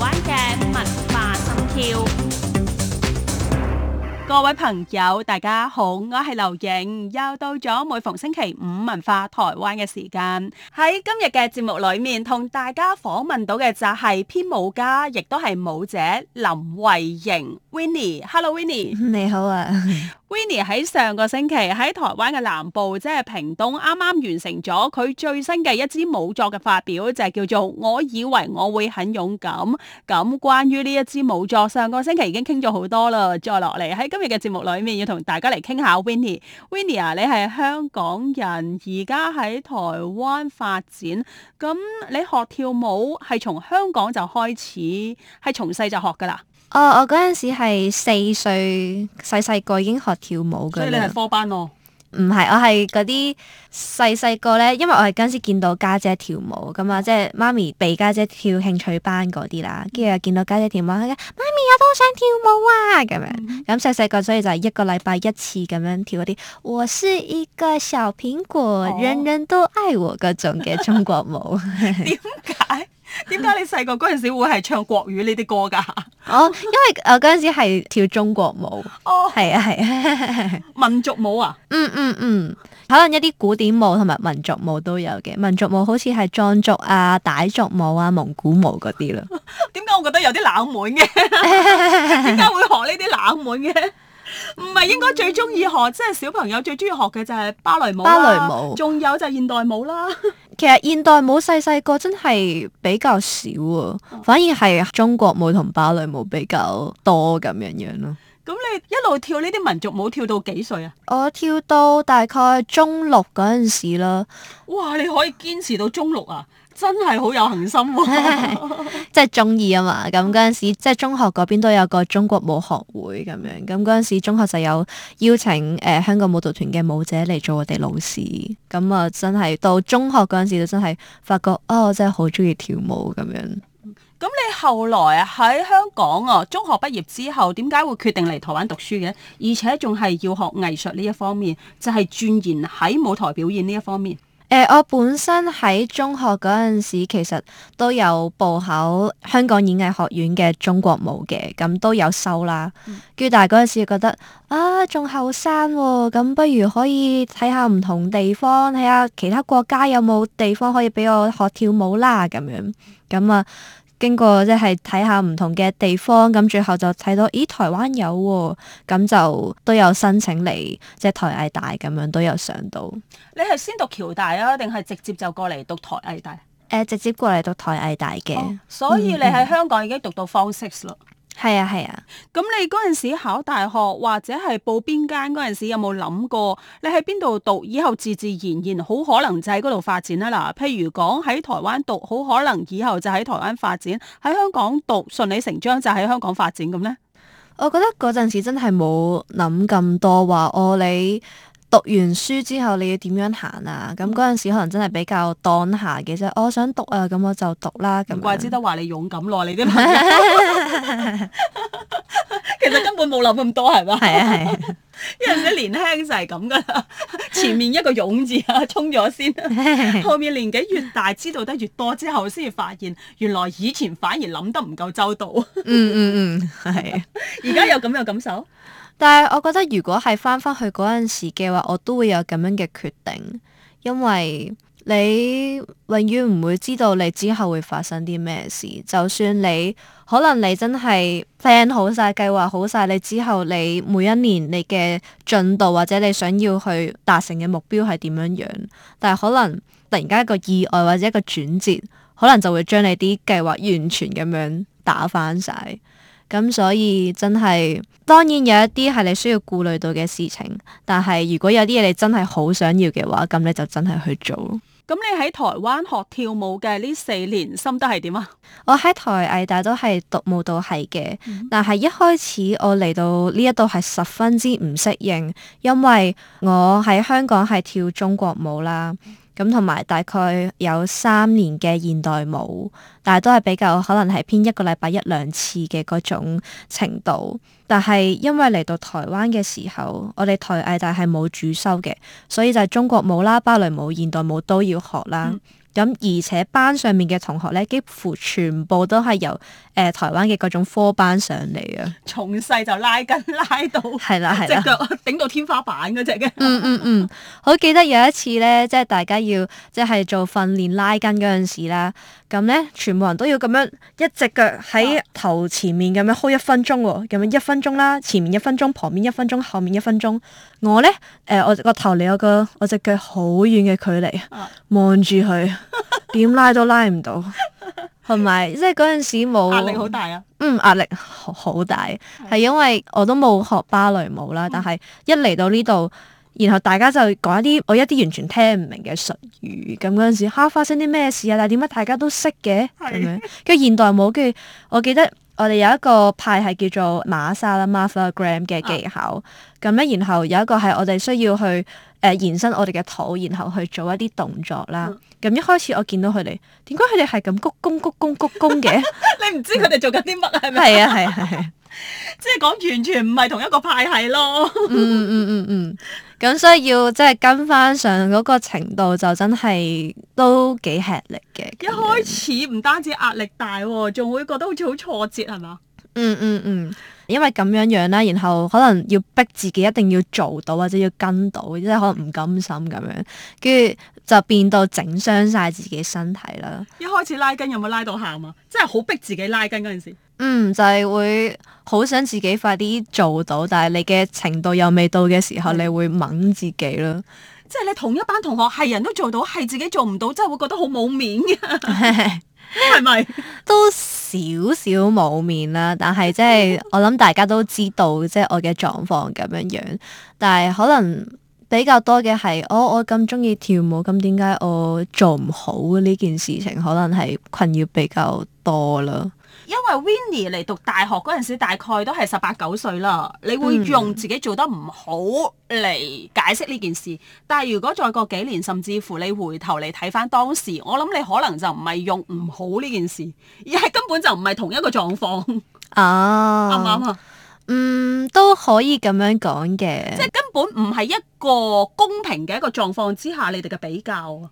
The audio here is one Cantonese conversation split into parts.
灣嘅文化心跳，各位朋友，大家好，我係劉瑩，又到咗每逢星期五文化台灣嘅時間。喺今日嘅節目裏面，同大家訪問到嘅就係編舞家，亦都係舞者林慧盈 （Winnie）。Hello，Winnie，你好啊。Winnie 喺上個星期喺台灣嘅南部，即係屏東，啱啱完成咗佢最新嘅一支舞作嘅發表，就係、是、叫做《我以為我會很勇敢》。咁、嗯、關於呢一支舞作，上個星期已經傾咗好多啦。再落嚟喺今日嘅節目裏面，要同大家嚟傾下 Winnie。Winnie 啊，你係香港人，而家喺台灣發展，咁你學跳舞係從香港就開始，係從細就學噶啦？哦，我嗰陣時係四歲，細細個已經學跳舞嘅啦。所以你係科班咯，哦？唔係，我係嗰啲細細個咧，因為我係嗰陣時見到家姐，姐跳舞咁啊，即係媽咪俾家姐，姐跳興趣班嗰啲啦。跟住又見到家姐，姐跳舞，媽咪我都想跳舞啊咁樣。咁細細個，所以就係一個禮拜一次咁樣跳啲。我是一個小蘋果，哦，人人都愛我嗰種嘅中國舞。點 解？ 點解你細個嗰陣時會係唱國語呢啲歌噶？哦，因為我嗰陣時係跳中國舞，哦，係啊係、啊、 民族舞啊，嗯嗯嗯，可能一啲古典舞同埋民族舞都有嘅。民族舞好似係藏族啊、傣族舞啊、蒙古舞嗰啲啦。點解我覺得有啲冷門嘅？點 解會學呢啲冷門嘅？唔係應該最中意學，即係、嗯、小朋友最中意學嘅就係芭蕾舞？芭蕾舞？仲有就係現代舞啦。其實現代舞細細個真係比較少啊，反而係中國舞同芭蕾舞比較多咁樣樣咯。咁你一路跳呢啲民族舞跳到幾歲啊？我跳到大概中六嗰陣時啦。哇！你可以堅持到中六啊？真係好有恒心喎！即係中意啊嘛，咁嗰陣時即係中學嗰邊都有個中國舞學會咁樣，咁嗰陣時中學就有邀請誒、呃、香港舞蹈團嘅舞者嚟做我哋老師，咁啊真係到中學嗰陣時就真係發覺啊、哦，我真係好中意跳舞咁樣。咁你後來啊喺香港啊，中學畢業之後點解會決定嚟台灣讀書嘅？而且仲係要學藝術呢一方面，就係鑽研喺舞台表演呢一方面。誒、呃，我本身喺中學嗰陣時，其實都有報考香港演藝學院嘅中國舞嘅，咁都有收啦。跟住大嗰陣時覺得啊，仲後生喎，咁不如可以睇下唔同地方，睇下其他國家有冇地方可以俾我學跳舞啦，咁樣咁啊。嗯嗯嗯嗯經過，即係睇下唔同嘅地方，咁最後就睇到，咦，台灣有喎，哦，咁就都有申請嚟即係台藝大咁樣都有上到。你係先讀僑大啊，定係直接就過嚟讀台藝大？誒，呃，直接過嚟讀台藝大嘅。哦。所以你喺香港已經讀到 form six 啦。係啊，係啊，咁、啊、你嗰陣時考大學或者係報邊間嗰陣時有冇諗過你，你喺邊度讀以後自自然然好可能就喺嗰度發展啦。嗱，譬如講喺台灣讀，好可能以後就喺台灣發展；喺香港讀，順理成章就喺香港發展咁呢，我覺得嗰陣時真係冇諗咁多，話哦你。讀完書之後你要點樣行啊？咁嗰陣時可能真係比較當下嘅啫，我想讀啊，咁我就讀啦。咁怪之得話你勇敢咯，你啲，其實根本冇諗咁多係嘛？係 吧啊係，啊 因為你年輕就係咁噶啦， 前面一個勇字啊，衝咗先， 後面年紀越大，知道得越多之後，先至發現原來以前反而諗得唔夠周到。嗯 嗯嗯，係、嗯。而、嗯、家、啊、 有咁嘅感受？ 但係，我覺得如果係翻返去嗰陣時嘅話，我都會有咁樣嘅決定，因為你永遠唔會知道你之後會發生啲咩事。就算你可能你真係 plan 好晒、計劃好晒，你之後你每一年你嘅進度或者你想要去達成嘅目標係點樣樣，但係可能突然間一個意外或者一個轉折，可能就會將你啲計劃完全咁樣打翻晒。咁所以真係，當然有一啲係你需要顧慮到嘅事情，但係如果有啲嘢你真係好想要嘅話，咁你就真係去做咯。咁你喺台灣學跳舞嘅呢四年，心得係點啊？我喺台藝大都係讀舞蹈系嘅，嗯、但係一開始我嚟到呢一度係十分之唔適應，因為我喺香港係跳中國舞啦。咁同埋大概有三年嘅現代舞，但係都係比較可能係偏一個禮拜一兩次嘅嗰種程度。但係因為嚟到台灣嘅時候，我哋台藝大係冇主修嘅，所以就係中國舞啦、芭蕾舞、現代舞都要學啦。嗯咁而且班上面嘅同學咧，幾乎全部都係由誒、呃、台灣嘅各種科班上嚟啊！從細就拉筋拉到，係啦係啦，隻腳頂到天花板嗰隻嘅。嗯嗯嗯， 好記得有一次咧，即係大家要即係做訓練拉筋嗰陣時啦，咁咧全部人都要咁樣一隻腳喺頭前面咁樣 hold 一分鐘喎，咁樣、啊、一分鐘啦，前面一分鐘，旁邊一分鐘，後面一分鐘。我咧，誒、呃，我個頭離我個我隻腳好遠嘅距離望住佢，點、啊、拉都拉唔到，同埋 即係嗰陣時冇壓力好大啊，嗯，壓力好大，係、嗯、因為我都冇學芭蕾舞啦，嗯、但係一嚟到呢度，然後大家就講一啲我一啲完全聽唔明嘅術語，咁嗰陣時，哈，發生啲咩事啊？但係點解大家都識嘅咁樣？跟現代舞，跟住我記得。我哋有一個派係叫做馬莎啦 Martha Graham） 嘅技巧，咁咧、啊，然後有一個係我哋需要去誒、呃、延伸我哋嘅肚，然後去做一啲動作啦。咁、嗯、一開始我見到佢哋，點解佢哋係咁鞠躬、鞠躬、 鞠躬嘅？你唔知佢哋做緊啲乜係咪？係啊，係啊，係、啊，即係講完全唔係同一個派系咯 嗯。嗯嗯嗯嗯嗯。嗯。咁所以要即係跟翻上嗰個程度，就真係都幾吃力嘅。一開始唔單止壓力大哦，仲會覺得好似好挫折係嘛？嗯，嗯嗯嗯，因為咁樣樣啦，然後可能要逼自己一定要做到或者要跟到，即係可能唔甘心咁樣，跟住就變到整傷晒自己身體啦。一開始拉筋有冇拉到喊啊？即係好逼自己拉筋嗰陣時。嗯，就係、是、會好想自己快啲做到，但係你嘅程度又未到嘅時候，嗯、你會嬲自己咯。即係你同一班同學係人都做到，係自己做唔到，真係會覺得好冇面嘅、啊，係咪？都少少冇面啦，但係即係我諗大家都知道即係、就是、我嘅狀況咁樣樣，但係可能比較多嘅係、哦、我我咁中意跳舞，咁點解我做唔好呢件事情？可能係困擾比較多啦。因為 Winnie 嚟讀大學嗰陣時，大概都係十八九歲啦。你會用自己做得唔好嚟解釋呢件事，嗯、但係如果再過幾年，甚至乎你回頭嚟睇翻當時，我諗你可能就唔係用唔好呢件事，而係根本就唔係同一個狀況。啊啱唔啱啊？ 對對，嗯，都可以咁樣講嘅。即係根本唔係一個公平嘅一個狀況之下，你哋嘅比較。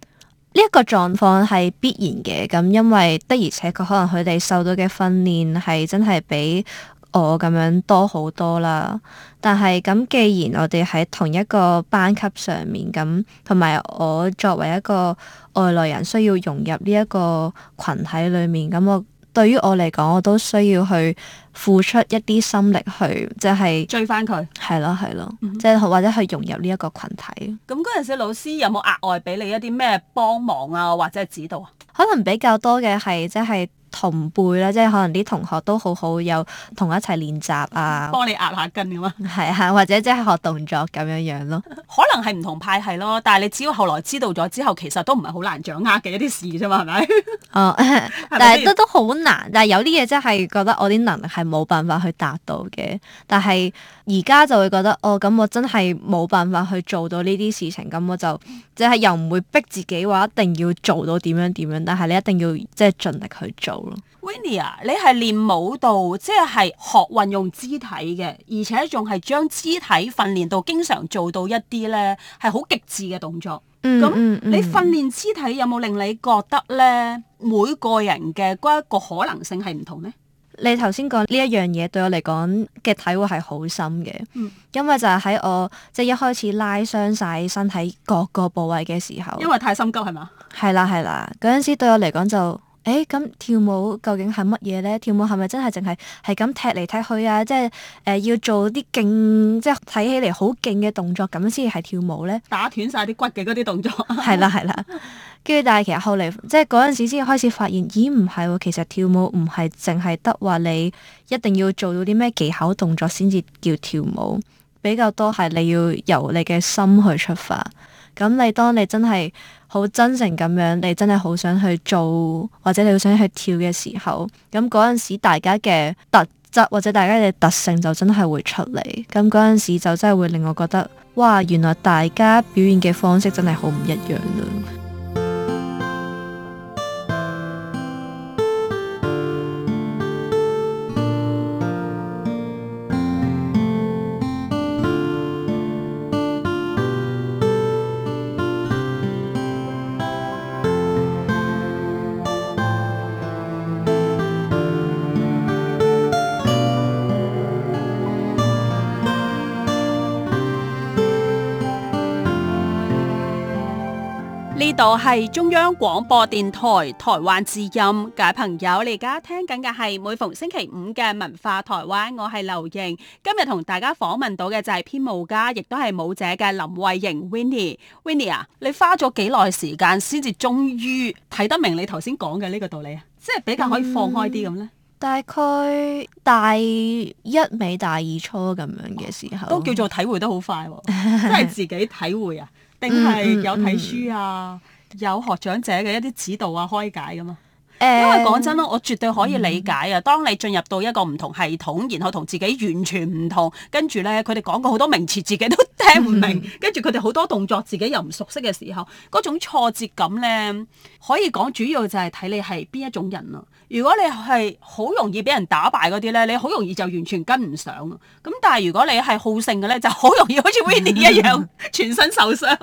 呢一個狀況係必然嘅，咁因為，的而且確可能佢哋受到嘅訓練係真係比我咁樣多好多啦。但係咁，既然我哋喺同一個班級上面，咁同埋我作為一個外來人，需要融入呢一個群體裏面，咁我。對於我嚟講，我都需要去付出一啲心力去，即、就、係、係、追翻佢，係咯係咯，即係、嗯、哼或者去融入呢一個群體。咁嗰陣時，老師有冇額外俾你一啲咩幫忙啊，或者指導啊？可能比較多嘅係即係，就係同輩啦，即係可能啲同學都好好，有同一齊練習啊，幫你壓下筋咁樣，係啊，或者即係學動作咁樣樣咯，可能係唔同派系咯，但係你只要後來知道咗之後，其實都唔係好難掌握嘅一啲事啫嘛，係咪？哦，但係都 係咪？都好難，但係有啲嘢真係覺得我啲能力係冇辦法去達到嘅，但係。而家就會覺得哦，咁我真係冇辦法去做到呢啲事情，咁我就、嗯、即係又唔會逼自己話一定要做到點樣點樣，但係你一定要即係盡力去做咯。Winnie 啊，你係練舞蹈，即係學運用肢體嘅，而且仲係將肢體訓練到經常做到一啲咧係好極致嘅動作。咁、嗯嗯嗯、你訓練肢體有冇令你覺得咧，每個人嘅一個可能性係唔同咧？你頭先講呢一樣嘢對我嚟講嘅體會係好深嘅，嗯、因為就係喺我即係、就是、一開始拉傷晒身體各個部位嘅時候，因為太心急係嘛？係啦係啦，嗰陣時對我嚟講就。誒，咁、哎、跳舞究竟係乜嘢呢？跳舞係咪真係淨係係咁踢嚟踢去啊？即係誒、呃，要做啲勁，即係睇起嚟好勁嘅動作，咁先係跳舞呢，打斷晒啲骨嘅嗰啲動作。係啦係啦，跟住但係其實後嚟，即係嗰陣時先開始發現，咦唔係、喎，其實跳舞唔係淨係得話你一定要做到啲咩技巧動作先至叫跳舞，比較多係你要由你嘅心去出發。咁你當你真係好真誠咁樣，你真係好想去做，或者你好想去跳嘅時候，咁嗰陣時大家嘅特質或者大家嘅特性就真係會出嚟，咁嗰陣時就真係會令我覺得，哇，原來大家表現嘅方式真係好唔一樣嘞。」度係中央廣播電台台灣之音。各位朋友，你而家聽緊嘅係每逢星期五嘅文化台灣，我係劉瑩，今日同大家訪問到嘅就係編舞家，亦都係舞者嘅林慧盈 （Winnie）。Winnie Winnie 啊，你花咗幾耐時間先至終於睇得明你頭先講嘅呢個道理啊？即係比較可以放開啲咁呢？大概大一尾大二初咁樣嘅時候，哦，都叫做體會得好快，哦，即係自己體會啊。 定係有睇書啊，嗯嗯、有學長者嘅一啲指導啊、開解㗎嘛？嗯、因為講真咯，我絕對可以理解啊。嗯、當你進入到一個唔同系統，然後同自己完全唔同，跟住呢，佢哋講過好多名詞，自己都聽唔明，跟住佢哋好多動作，自己又唔熟悉嘅時候，嗰種挫折感呢。可以講主要就係睇你係邊一種人啦，啊。如果你係好容易俾人打敗嗰啲呢，你好容易就完全跟唔上。咁但係如果你係好勝嘅呢，就好容易好似 Winnie 一樣，全身受傷。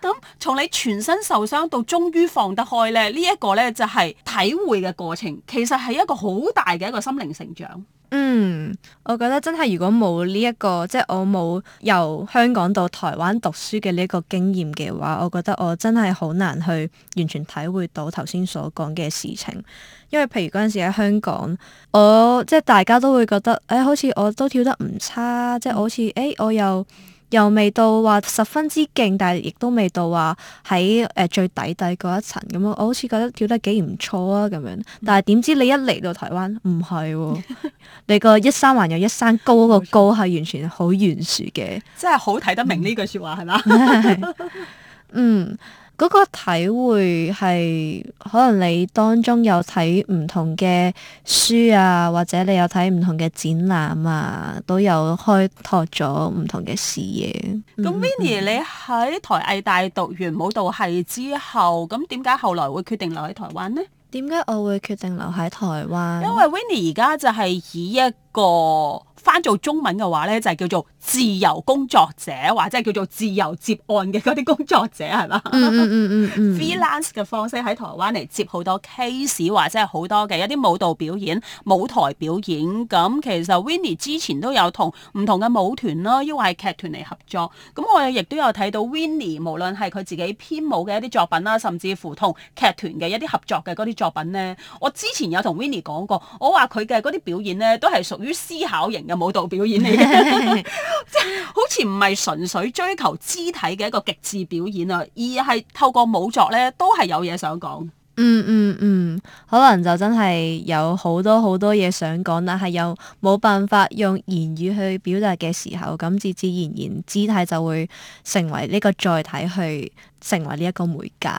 咁 從你全身受傷到終於放得開呢，呢、這、一個呢，就係體會嘅過程，其實係一個好大嘅一個心靈成長。嗯，我覺得真係如果冇呢一個，即係我冇由香港到台灣讀書嘅呢一個經驗嘅話，我覺得我真係好難去完全體會到頭先所講嘅事情。因為譬如嗰陣時喺香港，我即係大家都會覺得，誒好似我都跳得唔差，即係我好似誒我又。又未到話十分之勁，但係亦都未到話喺誒最底底嗰一層，咁我好似覺得跳得幾唔錯啊咁樣。但係點知你一嚟到台灣唔係喎，哦、 你個一山還有一山高個高係完全好懸殊嘅，真係好睇得明呢句説話係嘛 ？嗯。嗰個體會係可能你當中有睇唔同嘅書啊，或者你有睇唔同嘅展覽啊，都有開拓咗唔同嘅視野。咁，嗯，Winnie，嗯，你喺台藝大讀完舞蹈系之後，咁點解後來會決定留喺台灣呢？點解我會決定留喺台灣？因為 Winnie 而家就係以一個翻做中文嘅話呢就係、是、叫做自由工作者或者叫做自由接案嘅嗰啲工作者係嘛？freelance 嘅方式喺台灣嚟接好多 case 或者係好多嘅，一啲舞蹈表演、舞台表演。咁、嗯、其實 Winnie 之前都有同唔同嘅舞團咯，亦或係劇團嚟合作。咁、嗯、我亦都有睇到 Winnie 無論係佢自己編舞嘅一啲作品啦，甚至乎同劇團嘅一啲合作嘅嗰啲作品呢。我之前有同 Winnie 講過，我話佢嘅嗰啲表演呢都係屬。於思考型嘅舞蹈表演嚟嘅，即係好似唔係純粹追求肢體嘅一個極致表演啊，而係透過舞作咧，都係有嘢想講。嗯嗯嗯，可能就真係有好多好多嘢想講，但係又冇辦法用言語去表達嘅時候，咁自自然然姿態就會成為呢個載體，去成為呢一個媒介。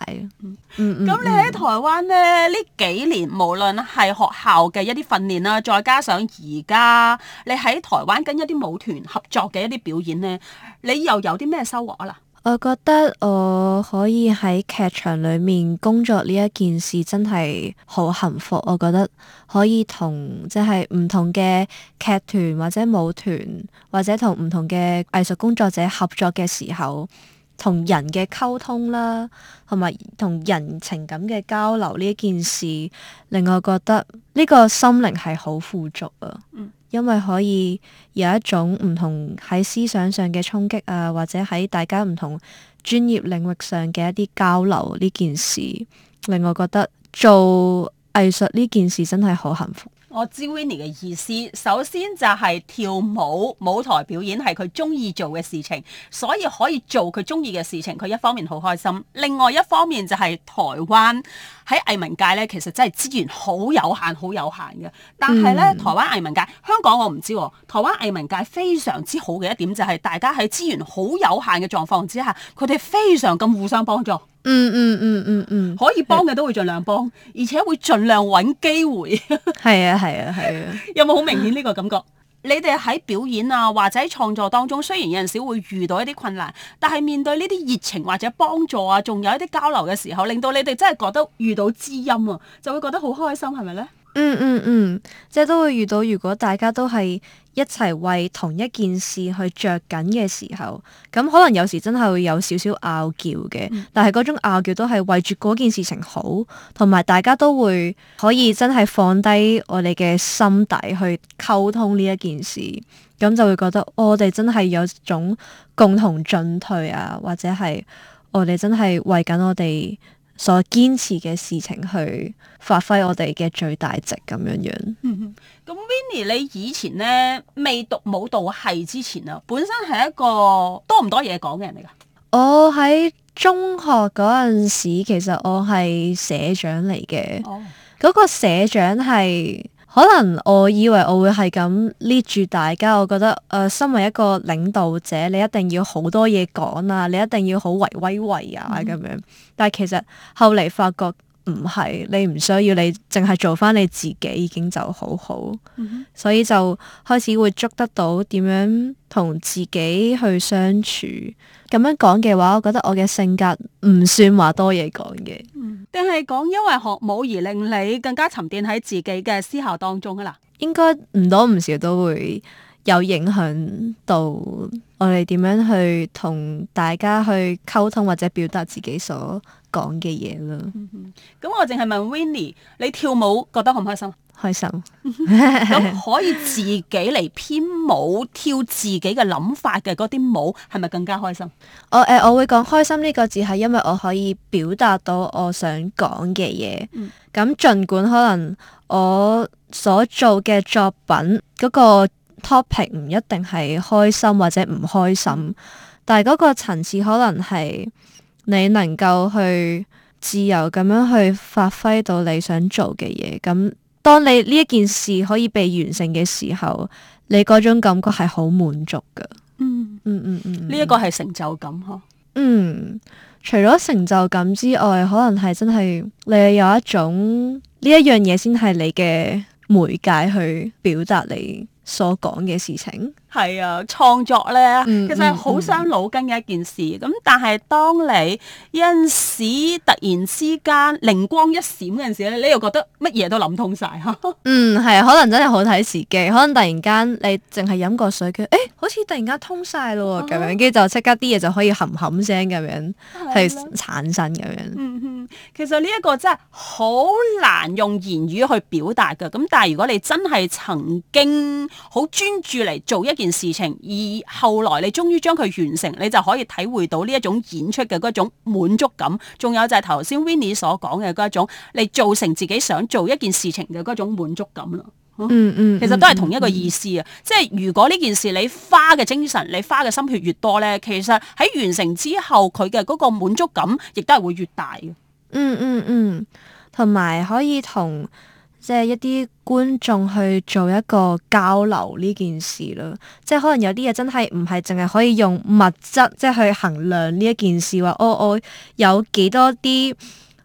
嗯，咁你喺台灣呢，呢、嗯嗯、幾年，無論係學校嘅一啲訓練啦，再加上而家你喺台灣跟一啲舞團合作嘅一啲表演呢，你又有啲咩收穫啊嗱？我覺得我可以喺劇場裏面工作呢一件事真係好幸福，我覺得可以、就是、同即係唔同嘅劇團或者舞團或者同唔同嘅藝術工作者合作嘅時候，同人嘅溝通啦，同埋同人情感嘅交流呢一件事，令我覺得呢個心靈係好富足啊。嗯因為可以有一種唔同喺思想上嘅衝擊啊，或者喺大家唔同專業領域上嘅一啲交流呢件事，令我覺得做藝術呢件事真係好幸福。我知 Winnie 嘅意思，首先就係跳舞舞台表演係佢中意做嘅事情，所以可以做佢中意嘅事情，佢一方面好開心，另外一方面就係台灣喺藝文界咧，其實真係資源好有限，好有限嘅。但係咧，嗯、台灣藝文界香港我唔知、啊，台灣藝文界非常之好嘅一點就係、是、大家喺資源好有限嘅狀況之下，佢哋非常咁互相幫助。嗯嗯嗯嗯嗯，嗯嗯嗯嗯可以幫嘅都會盡量幫，是而且會盡量揾機會。係啊係啊係啊，啊啊有冇好明顯呢個感覺？ 你哋喺表演啊，或者喺創作當中，雖然有陣時會遇到一啲困難，但係面對呢啲熱情或者幫助啊，仲有一啲交流嘅時候，令到你哋真係覺得遇到知音啊，就會覺得好開心，係咪呢？嗯嗯嗯，即係都會遇到，如果大家都係一齊為同一件事去着緊嘅時候，咁可能有時真係會有少少拗撬嘅，嗯、但係嗰種拗撬都係為住嗰件事情好，同埋大家都會可以真係放低我哋嘅心底去溝通呢一件事，咁就會覺得、哦、我哋真係有種共同進退啊，或者係我哋真係為緊我哋。所堅持嘅事情，去發揮我哋嘅最大值咁樣樣。咁 Winnie， 你以前咧未讀舞蹈系之前啊，本身係一個多唔多嘢講嘅人嚟噶？ 我喺中學嗰陣時，其實我係社長嚟嘅。嗰、oh. 個社長係。可能我以為我會係咁 lead 住大家，我覺得誒、呃，身為一個領導者，你一定要好多嘢講啊，你一定要好威威威啊咁樣。但係其實後嚟發覺唔係，你唔需要你淨係做翻你自己已經就好好，嗯、哼所以就開始會捉得到點樣同自己去相處。咁樣講嘅話，我覺得我嘅性格唔算話多嘢講嘅，定係講，因為學舞而令你更加沉澱喺自己嘅思考當中啊？嗱，應該唔多唔少都會有影響到我哋點樣去同大家去溝通或者表達自己所講嘅嘢咯。咁、嗯嗯、我淨係問 Winnie，你跳舞覺得好唔開心？開心咁。 可以自己嚟編舞，跳自己嘅諗法嘅嗰啲舞，係咪更加開心？我誒、哦、呃，我會講開心呢個字，係因為我可以表達到我想講嘅嘢。咁盡、嗯、管可能我所做嘅作品嗰、嗰個 topic 唔一定係開心或者唔開心，但係嗰個層次可能係你能夠去自由咁樣去發揮到你想做嘅嘢咁。當你呢一件事可以被完成嘅時候，你嗰種感覺係好滿足噶。嗯嗯嗯嗯，呢一個係成就感嗬。嗯，除咗成就感之外，可能係真係你有一種呢一樣嘢先係你嘅媒介去表達你所講嘅事情。係啊，創作咧其實係好傷腦筋嘅一件事。咁、嗯嗯、但係當你有陣時突然之間靈光一閃嗰陣時咧，你又覺得乜嘢都諗通晒。吓。嗯，係啊，可能真係好睇時機，可能突然間你淨係飲個水，佢誒好似突然間通晒咯咁樣，跟住就即刻啲嘢就可以冚冚聲咁樣係的產生咁樣、嗯嗯嗯。其實呢一個真係好難用言語去表達㗎。咁但係如果你真係曾經好專注嚟做一件。件事情，而後來你終於將佢完成，你就可以體會到呢一種演出嘅嗰種滿足感，仲有就係頭先 Winnie 所講嘅嗰一種，你做成自己想做一件事情嘅嗰種滿足感啦，嗯。嗯嗯，其實都係同一個意思啊。嗯嗯、即係如果呢件事你花嘅精神，你花嘅心血越多呢，其實喺完成之後佢嘅嗰個滿足感，亦都係會越大嘅，嗯。嗯嗯嗯，同埋可以同。即係一啲觀眾去做一個交流呢件事囉，即係可能有啲嘢真係唔係淨係可以用物質即係去衡量呢一件事，話哦，我、哦、有幾多啲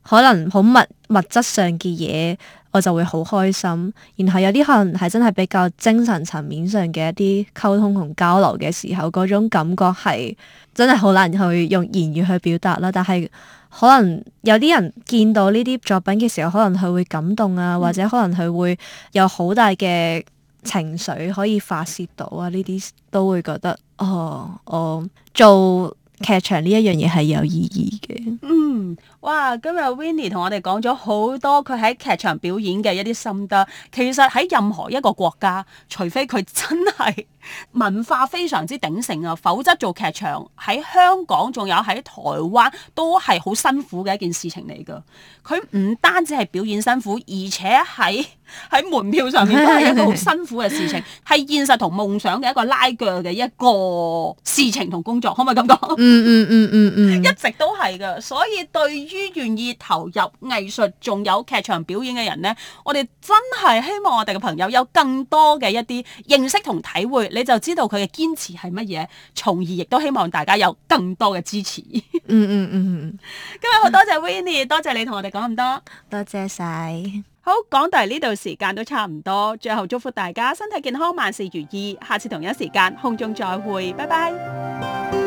可能好物物質上嘅嘢，我就會好開心。然後有啲可能係真係比較精神層面上嘅一啲溝通同交流嘅時候，嗰種感覺係。真係好難去用言語去表達啦，但係可能有啲人見到呢啲作品嘅時候，可能佢會感動啊，嗯、或者可能佢會有好大嘅情緒可以發洩到啊，呢啲都會覺得哦，我、哦、做劇場呢一樣嘢係有意義嘅。嗯，哇！今日 Winnie 同我哋講咗好多佢喺劇場表演嘅一啲心得。其實喺任何一個國家，除非佢真係，文化非常之鼎盛啊，否則做劇場喺香港仲有喺台灣都係好辛苦嘅一件事情嚟噶。佢唔單止係表演辛苦，而且喺喺門票上面都係一個好辛苦嘅事情，係 現實同夢想嘅一個拉鋸嘅一個事情同工作，可唔可以咁講？嗯嗯嗯嗯嗯，一直都係噶。所以對於願意投入藝術仲有劇場表演嘅人咧，我哋真係希望我哋嘅朋友有更多嘅一啲認識同體會。你就知道佢嘅堅持係乜嘢，從而亦都希望大家有更多嘅支持。 嗯嗯嗯，今日好多謝 Winnie， 多謝你同我哋講咁多，多謝晒。好，講到嚟呢度時間都差唔多，最後祝福大家身體健康，萬事如意。下次同一時間，空中再會，拜拜。